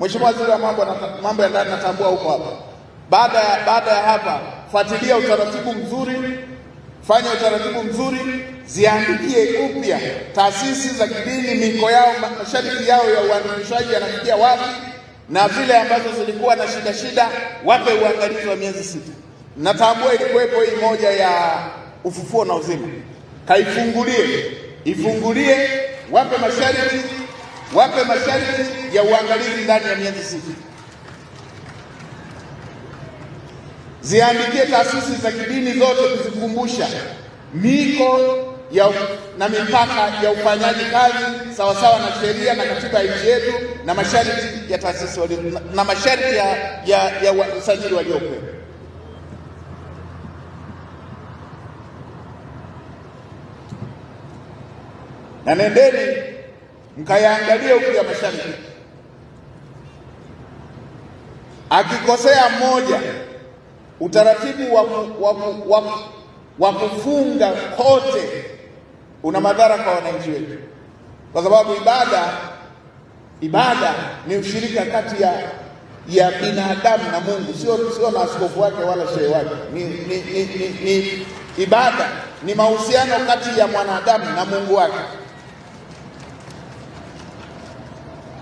Mheshimiwa Waziri wa mambo, mambo ya ndani, natambua huko hapa. Baada ya baada ya hapa, fuatilia utaratibu mzuri, fanya utaratibu mzuri, ziandikie upya taasisi za kidini, miko yao, masharti yao ya uandikishwaji yanafikia wapi, na vile ambazo zilikuwa na shida shida, wape uangalizi wa miezi sita. Natambua ilikuwepo hii moja ya ufufuo na uzima, kaifungulie, ifungulie, wape masharti wape masharti ya uangalizi ndani ya miezi sita, ziandikie taasisi za kidini zote kuzikumbusha miko ya na mipaka ya ufanyaji kazi sawasawa na sheria na katiba ya nchi yetu na masharti ya taasisi walio, na masharti ya, ya, ya usajili waliopewa. Na nendeni mkayaangalia huku ya mashariki. Akikosea mmoja, utaratibu wa, wa, wa, wa kufunga kote una madhara kwa wananchi wetu, kwa sababu ibada ibada ni ushirika kati ya ya binadamu na Mungu, sio sio na askofu wake wala shehe wake. Ni, ni, ni, ni, ni ibada, ni mahusiano kati ya mwanadamu na Mungu wake.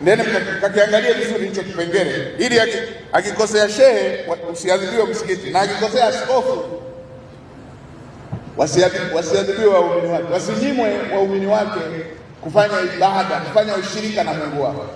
Nendeni kakiangalia vizuri hicho kipengele, ili akikosea shehe usiadhibiwe msikiti, na akikosea askofu wasiadhibiwe waumini wake, wasinyimwe waumini wake kufanya ibada, kufanya ushirika na Mungu wao.